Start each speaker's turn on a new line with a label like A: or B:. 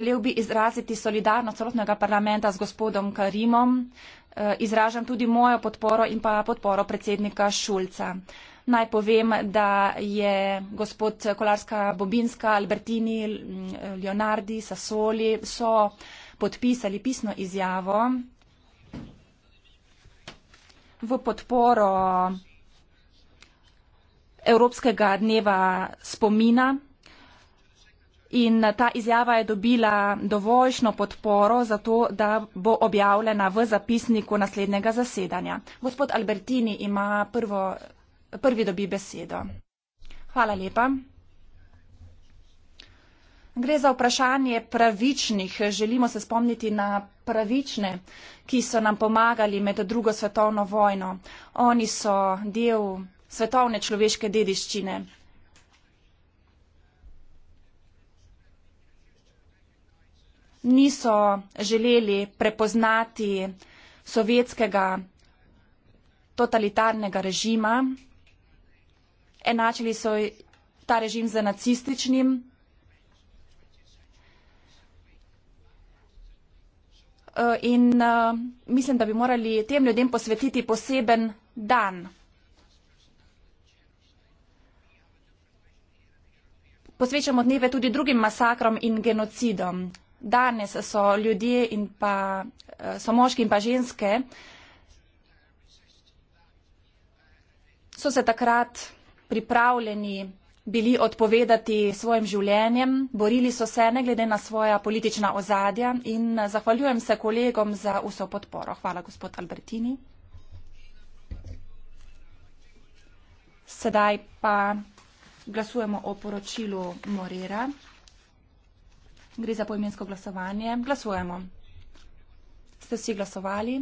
A: Želel bi izraziti solidarnost celotnega parlamenta z gospodom Karimom, e, izražam tudi mojo podporo in pa podporo predsednika Šulca. Naj povem, da je gospod Kolarska Bobinska, Albertini, Leonardi, Sasoli so podpisali pisno izjavo v podporo Evropskega dneva spomina in ta izjava je dobila dovoljšno podporo za to, da bo objavljena v zapisniku naslednjega zasedanja. Gospod Albertini ima prvo, prvi dobi besedo. Hvala lepa. Gre za vprašanje pravičnih. Želimo se spomniti na pravične, ki so nam pomagali med drugo svetovno vojno. Oni so del svetovne človeške dediščine. niso želeli prepoznati sovjetskega totalitarnega režima, enačili so ta režim z nacističnim. Eh, in eh, mislim, da bi morali tem ljudem posvetiti poseben dan. Posvečamo dneve tudi drugim masakrom in genocidom danes so ljudje in pa eh, so moški in pa ženske, so se takrat pripravljeni bili odpovedati svojim življenjem, borili so se ne glede na svoja politična ozadja in eh, zahvaljujem se kolegom za vso podporo. Hvala, gospod Albertini. Sedaj pa glasujemo o poročilu Morera. Gre za poimensko glasovanje. Glasujemo. Ste vsi glasovali?